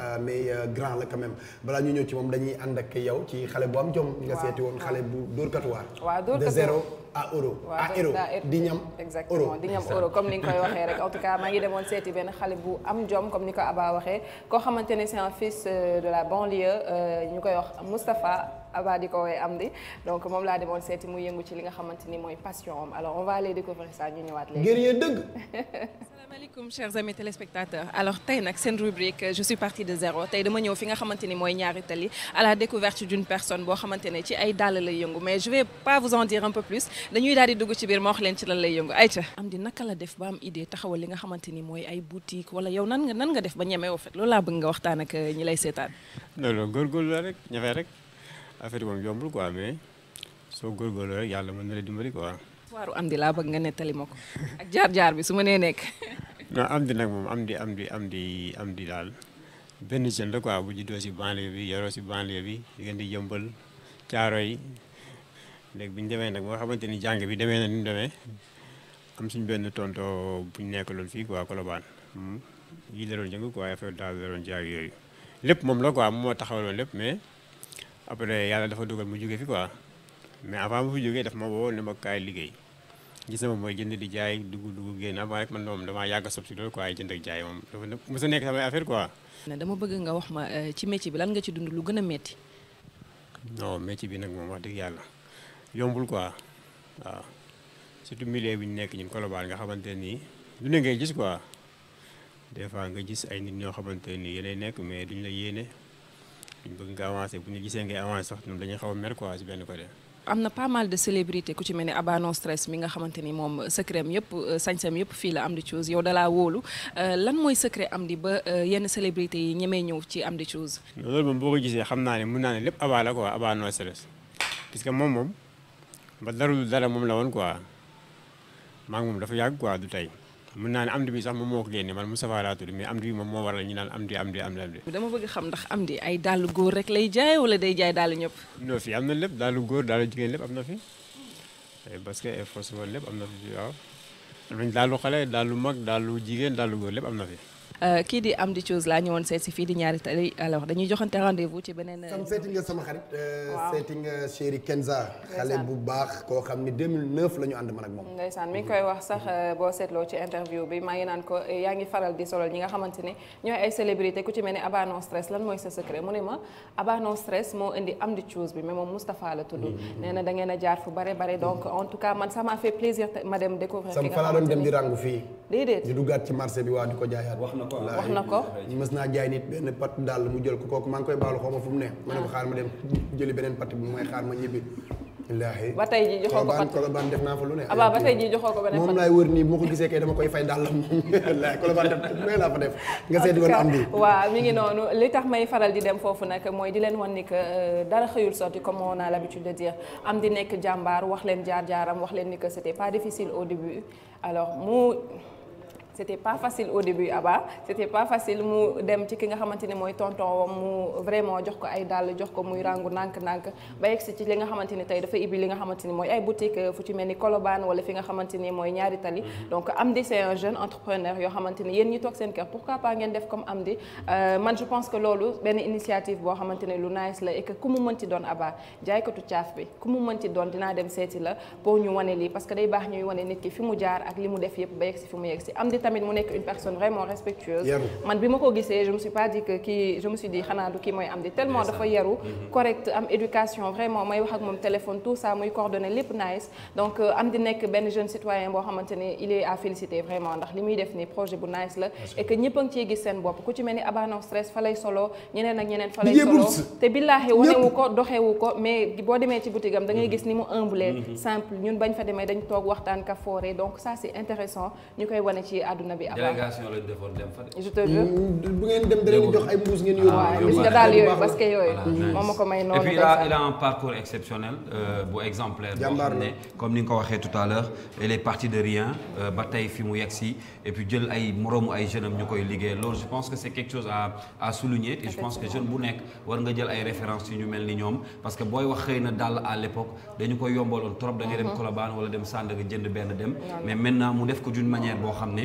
Euh, mais euh, grand la quand même balaa ñu ñëw ci moom dañuy ànd ak yow ci xale bu am jom. nga seeti woon xale bu dóor katuwaar. waaw dóor euro. à euro di ñam. exactement di ñam euro comme ni nga koy waxee rek en tout cas maa ngi demoon seeti benn xale bu am jom comme ni ko Aba waxee koo xamante ne c'est fils euh, de la banlieue ñu koy wax Moustapha. Aba di ko woowee Amdi donc moom laa demoon seeti mu yëngu ci li nga xamante ni mooy passion am alors on va aller découvrir ça ñu ñëwaat léegi. guerrier dëgg. asalaamaaleykum chers amis téléspectateurs alors tey nag seen rubrique je suis partie de zéro tey dama ñëw fi nga xamante ni mooy ñaari tali à la découverte d'une personne boo xamante ne ci ay dàll lay yëngu mais je vais pas vous en dire un peu plus dañuy daal di dugg ci biir ma wax leen ci lan lay yëngu ayca. Amdi naka la def ba am idée taxawal li nga xamante mooy ay boutique wala yow nan nga nan nga def ba ñemee woo fet loolu laa bëgg nga waxtaan ak euh, lay seetaan. loolu góorgóorlu la rek ñëwee rek. affaire moom yombul quoi mais soo góorgóorloo rek yàlla mën na la dimbali quoi. waaru am di laa bëgg nga nettali ma ko ak jaar-jaar bi su ma nee nekk. non am di nag moom am di am di am di am di daal benn jeune la bu juddoo si banlieue bi yoroo si banlieue bi di di yëmbal caaro yi léegi bi demee nag boo xamante ni jàng bi demee na ni mu suñ benn tonto bu ñu nekkaloon fii quoi Colobane yii hmm? la doon jàng quoi affaire yooyu lépp moom la quoi moom moo taxawaloon lépp mais. après yàlla dafa dugal mu jóge fi quoi mais avant mu fi jógee daf ma woo ne ma kaay liggéey gis na ma mooy jënd di jaay dugg dugg génn avant rek man moom damaa yàgg a sob si loolu ay jënd jaay moom dafa mos nekk samay affaire quoi. dama bëgg nga wax ma euh, ci métier bi lan nga ci dund lu gën a métti. non métier bi nag moom wax dëgg yàlla yombul quoi waaw surtout milieu bi ñu nekk ñun Colobane nga xamante nii lu ne ngay gis quoi des fois nga gis ay nit ñoo xamante nii yéenay nekk mais duñ la yéene. duñ bëgg nga avancé bu ñu gisee ngay avancé sax ñoom dañuy xaw a mer quoi si benn côté. am na pas mal de célébrité ku ci mel ne Abano Stress mi nga xamante ni moom secret am yëpp euh, la euh, lan mooy secret Amdy ba euh, yenn célébrité yi ñemee ñëw ci Amdy Chose. loolu moom boo ko gisee xam naa ne mun naa ne lépp Aba la quoi Abano Stress parce que moom moom ba darul dara moom la woon quoi maa ngi moom dafa yàgg quoi du tey. mën naa ne amdi bi sax moom moo ko génne man Moustapha laa tudd mais amdi bi moom moo waral ñu naan amdi amdi amdi amdi dama bëgg xam ndax di ay dàllu góor rek lay jaay wala day jaay dàllu ñëpp non fii am na lépp dàllu góor dàllu jigéen lépp am na fi basket eh, et force lépp am na fi waaw am nañ dàllu daal lu mag daal lu jigéen lu góor lépp am na fi Euh, kii di am di Thiouz laa ñëwoon seet si fii di ñaari tali alors dañuy joxante rendez-vous ci beneen. sam seeti nga sama xarit. Euh, waaw nga chéri Kenza. xale bu baax koo xam ni 2009 la ñu ànd man ak moom. ndeysaan mi ngi koy wax sax euh, boo seetloo ci interview bi maa ngi naan ko yaa ngi faral di solo ñi nga xamante ne ñooy ay célébrité ku ci mel ne Aba No Stress lan mooy sa secret mu ne ma Aba No Stress moo indi Amdy Thiouz bi mais moom Moustapha la tudd. Mm-hmm. nee na da ngeen a jaar fu bare bare donc en tout cas man ça dem découvrir. dem di rangu fii. déedéet di duggaat bi waa ko jaayaat wax na wax na ko mës naa jaay nit benn pat daal mu jël ko kooku maa ngi koy baalu xawma fu mu ne ma ah. xaar ma dem jëli beneen pat bi mooy xaar ma ñibbi ilaahi ba tey joxoo ko ba tey mooy di leen wan ni que euh, dara xëyul sotti comme on a l'habitude de am di nekk jàmbaar wax leen jaar-jaaram wax leen ni que c'était pas difficile au début alors mu c'était pas facile au début Aba c'était pas facile mu dem ci ki nga xamante ne mooy tonton wam mu vraiment jox ko ay dàll jox ko muy rangu nànk-nànk ba yegsi ci li nga xamante ni tey dafa ibbi li nga xamante ni mooy ay boutique euh, fu ci mel ni Colobane wala fi nga xamante ni mooy ñaari tali mm-hmm. donc Amdy c'est un jeune entrepreneur yoo xamante ni yéen ñi toog seen kër pourquoi pas ngeen def comme Amdy euh, man je pense que loolu benn initiative boo xamante ne lu nice la et que ku mu mënti doon Aba jaaykatu caaf bi ku mu mënti tamit mu nekk une personne vraiment respectueuse man bi ma ko gisee je me suis pas dit que kii je me suis dit xanaa du kii mooy am di tellement dafa yaru mm-hmm. correct am éducation vraiment may wax ak moom téléphone tout ça muy coordonné lépp nice donc euh, am di nekk benn jeune citoyen boo xamante ne il est à féliciter vraiment ndax li muy def ni projet bu nice la et que ñëpp a gis seen bopp ku ci mel ni abano stress fa lay solo ñeneen ak ñeneen fa lay solo te àdduna bi. avant délégation lañ defoon dem fa de. bu mm, ngeen dem da leen jox ay mbuus ngeen ah, ah, yooyu parce que yooyu. moom ma ko may noonu. et euh, comme ni nga ko waxee tout à l'heure il est parti de rien euh, ba tey fi mu yegg si et jël ay moroomu ay jeunes am ñu koy liggéey loolu je pense que chose à à et je pense que jeune bu nekk war nga jël ay références yu ñu mel ni ñoom parce que booy wax xëy na dàll à l'époque dañu koy yombaloon trop da ngay dem mhm. Colobane wala dem Sandaga jënd benn dem mais maintenant mu def ko d'une manière boo xam ne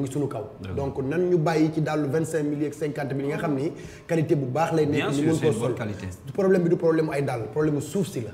mu ngi suñu kaw ah donc nan ñu bàyyi ci dàllu vingt cinq mille ak cinquante mille yi nga xam ni qualité bu baax lay nekk ñu mën koo sol problème bi du problème ay dàll problème suuf si la